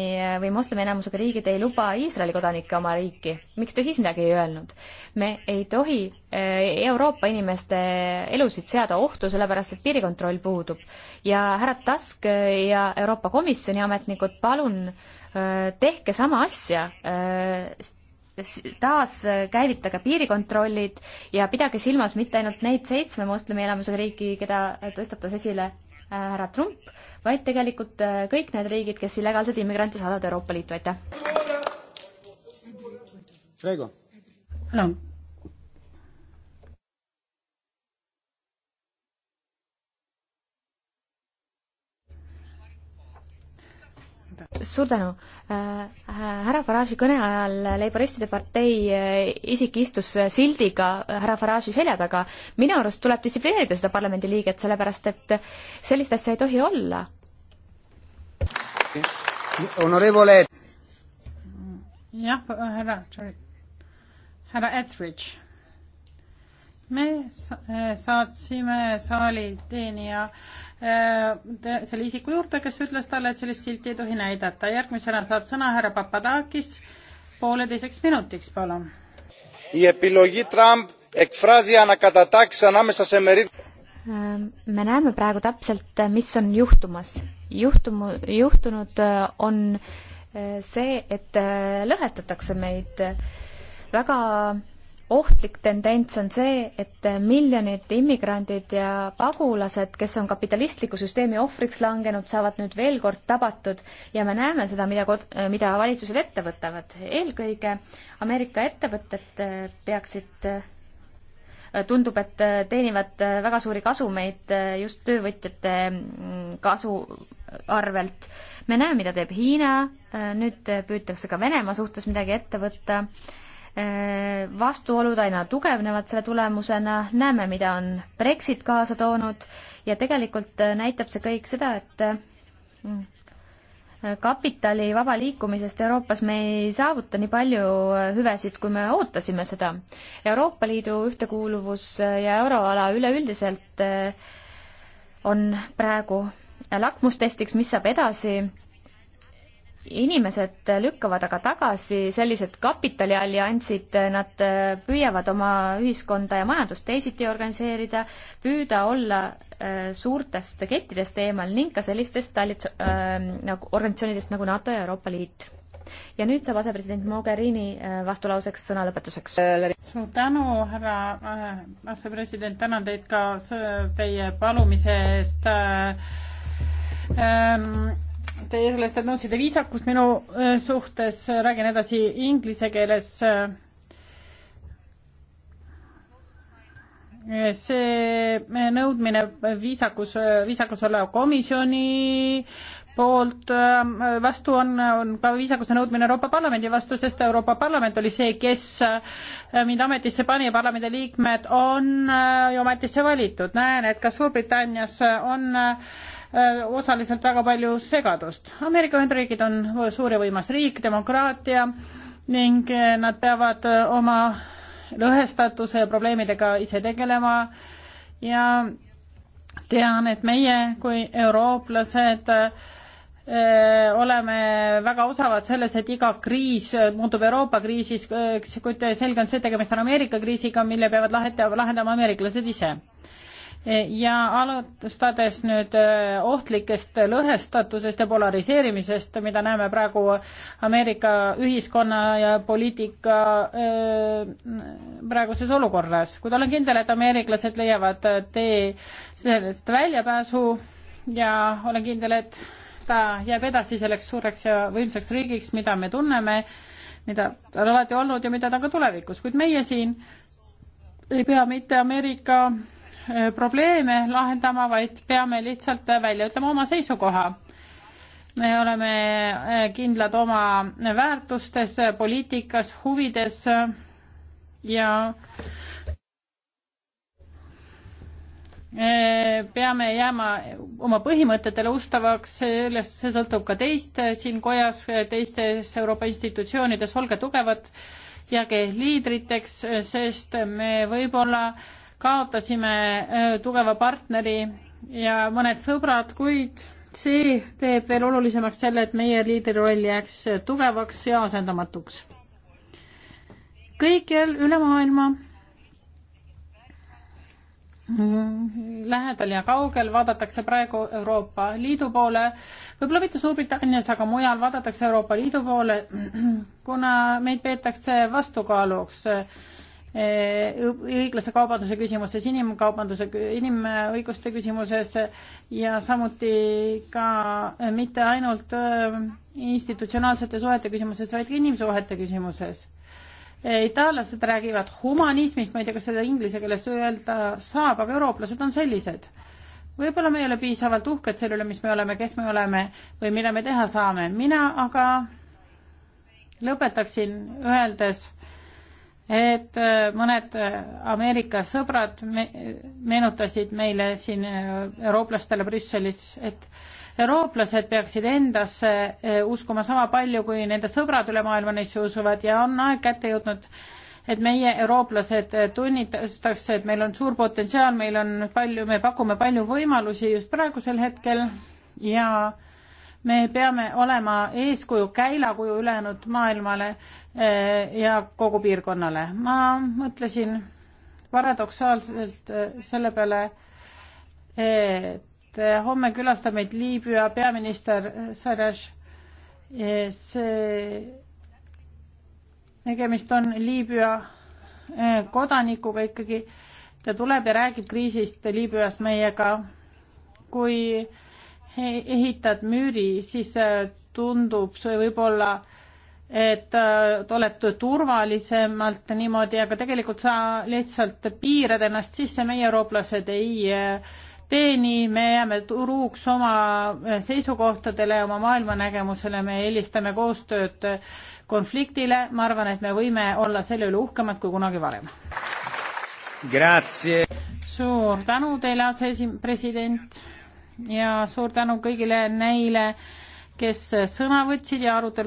või moslemi enamusega riigid ei luba Iisraeli kodanikke oma riiki, miks te siis midagi ei öelnud? me ei tohi Euroopa inimeste elusid seada ohtu, sellepärast et piirikontroll puudub. ja härra Tusk ja Euroopa Komisjoni ametnikud, palun tehke sama asja taaskäivitage äh, piirikontrollid ja pidage silmas mitte ainult neid seitsme moslemi elamusega riiki, keda äh, tõstatas esile äh, härra Trump, vaid tegelikult kõik need riigid, kes illegaalseid immigrante saadavad Euroopa Liitu, aitäh! Hello. suur tänu. Äh, härra Farage'i kõne ajal Leiboristide partei äh, isik istus äh, sildiga härra Farage'i selja taga. minu arust tuleb distsiplineerida seda parlamendiliiget, sellepärast et sellist asja ei tohi olla. jah, härra, härra Etheridge me eh, saatsime saali teenija eh, selle isiku juurde, kes ütles talle, et sellist silti ei tohi näidata. järgmisena saab sõna härra Papadakis pooleteiseks minutiks, palun. me näeme praegu täpselt, mis on juhtumas. juhtumu, juhtunud on see, et lõhestatakse meid väga ohtlik tendents on see, et miljonid immigrandid ja pagulased, kes on kapitalistliku süsteemi ohvriks langenud, saavad nüüd veel kord tabatud ja me näeme seda, mida, mida valitsused ette võtavad. eelkõige Ameerika ettevõtted äh, peaksid äh, tundub, et äh, teenivad väga suuri kasumeid just töövõtjate mm, kasu arvelt. me näeme, mida teeb Hiina, nüüd püütakse ka Venemaa suhtes midagi ette võtta vastuolud aina tugevnevad selle tulemusena, näeme, mida on Brexit kaasa toonud ja tegelikult äh, näitab see kõik seda, et äh, kapitali vaba liikumisest Euroopas me ei saavuta nii palju äh, hüvesid, kui me ootasime seda. Euroopa Liidu ühtekuuluvus ja euroala üleüldiselt on praegu lakmustestiks, mis saab edasi inimesed lükkavad aga tagasi sellised kapitalialliansid, nad äh, püüavad oma ühiskonda ja majandust teisiti organiseerida, püüda olla äh, suurtest kettidest eemal ning ka sellistest talit- äh,, nagu organisatsioonidest nagu NATO ja Euroopa Liit. ja nüüd saab asepresident Mogherini äh, vastulauseks sõna lõpetuseks. suur tänu, härra asepresident, tänan teid ka teie palumise eest ähm, teie sellest, et nõudsite viisakust minu suhtes, räägin edasi inglise keeles. see nõudmine viisakus, viisakus oleva komisjoni poolt vastu on, on ka viisakuse nõudmine Euroopa Parlamendi vastu, sest Euroopa Parlament oli see, kes mind ametisse pani ja parlamendi liikmed on ju ametisse valitud. näen, et ka Suurbritannias on äh, Äh, osaliselt väga palju segadust. Ameerika Ühendriigid on suur ja võimas riik, demokraatia ning äh, nad peavad äh, oma lõhestatuse probleemidega ise tegelema ja tean, et meie kui eurooplased oleme väga osavad selles, et iga kriis muutub Euroopa kriisis, kuid selge on see, tegemist on Ameerika kriisiga, mille peavad lahendama ameeriklased ise ja alustades nüüd äh, ohtlikest lõhestatusest ja polariseerimisest, mida näeme praegu Ameerika ühiskonna ja poliitika äh, praeguses olukorras, kuid olen kindel, et ameeriklased leiavad äh, tee sellest väljapääsu ja olen kindel, et ta jääb edasi selleks suureks ja võimsaks riigiks, mida me tunneme, mida ta on alati olnud ja mida ta ka tulevikus, kuid meie siin ei pea mitte Ameerika Äh, probleeme lahendama, vaid peame lihtsalt välja ütlema oma seisukoha. me oleme äh, kindlad oma väärtustes, poliitikas, huvides äh, ja peame jääma oma põhimõtetele ustavaks, sellest, see sõltub ka teist siin kojas, teistes Euroopa institutsioonides, olge tugevad, jääge liidriteks, sest me võib-olla äh, kaotasime tugeva partneri ja mõned sõbrad, kuid see teeb veel olulisemaks selle, et meie liidriroll jääks tugevaks ja asendamatuks. kõikjal üle maailma, mm, lähedal ja kaugel vaadatakse praegu Euroopa Liidu poole, võib-olla mitte Suurbritannias, aga mujal vaadatakse Euroopa Liidu poole, kuna meid peetakse vastukaaluks äh, õiglase kaubanduse küsimustes, inimkaubanduse, inimõiguste küsimuses ja samuti ka äh, mitte ainult äh, institutsionaalsete suhete küsimuses, vaid ka inimsuhete küsimuses. itaallased räägivad humanismist, ma ei tea, kas seda inglise keeles öelda saab, aga eurooplased on sellised võib-olla me ei ole piisavalt uhked selle üle, mis me oleme, kes me oleme või mida me teha saame. mina aga lõpetaksin öeldes et äh, mõned äh, Ameerika sõbrad me meenutasid meile siin äh, eurooplastele Brüsselis, et eurooplased peaksid endasse uskuma sama palju, kui nende sõbrad üle maailma neisse usuvad ja on aeg kätte jõudnud, et meie, eurooplased, tunnistaks, et meil on suur potentsiaal, meil on palju, me pakume palju võimalusi just praegusel hetkel ja äh, me peame olema eeskuju, käilakuju ülejäänud maailmale eh, ja kogu piirkonnale. ma mõtlesin paradoksaalselt eh, selle peale, et eh, homme külastab meid Liibüa peaminister Sarjas. see, tegemist on Liibüa kodanikuga ikkagi, ta tuleb ja räägib kriisist Liibüas meiega, kui äh, ehitad müüri, siis äh, tundub see võib-olla, et äh, oled turvalisemalt niimoodi, aga tegelikult sa lihtsalt piirad ennast sisse, meie eurooplased ei äh, teeni, me jääme truuks oma seisukohtadele, oma maailmanägemusele, me eelistame koostööd konfliktile, ma arvan, et me võime olla selle üle uhkemad kui kunagi varem. suur tänu teile, aseesim-, president ja suur tänu kõigile neile, kes sõna võtsid ja arutelu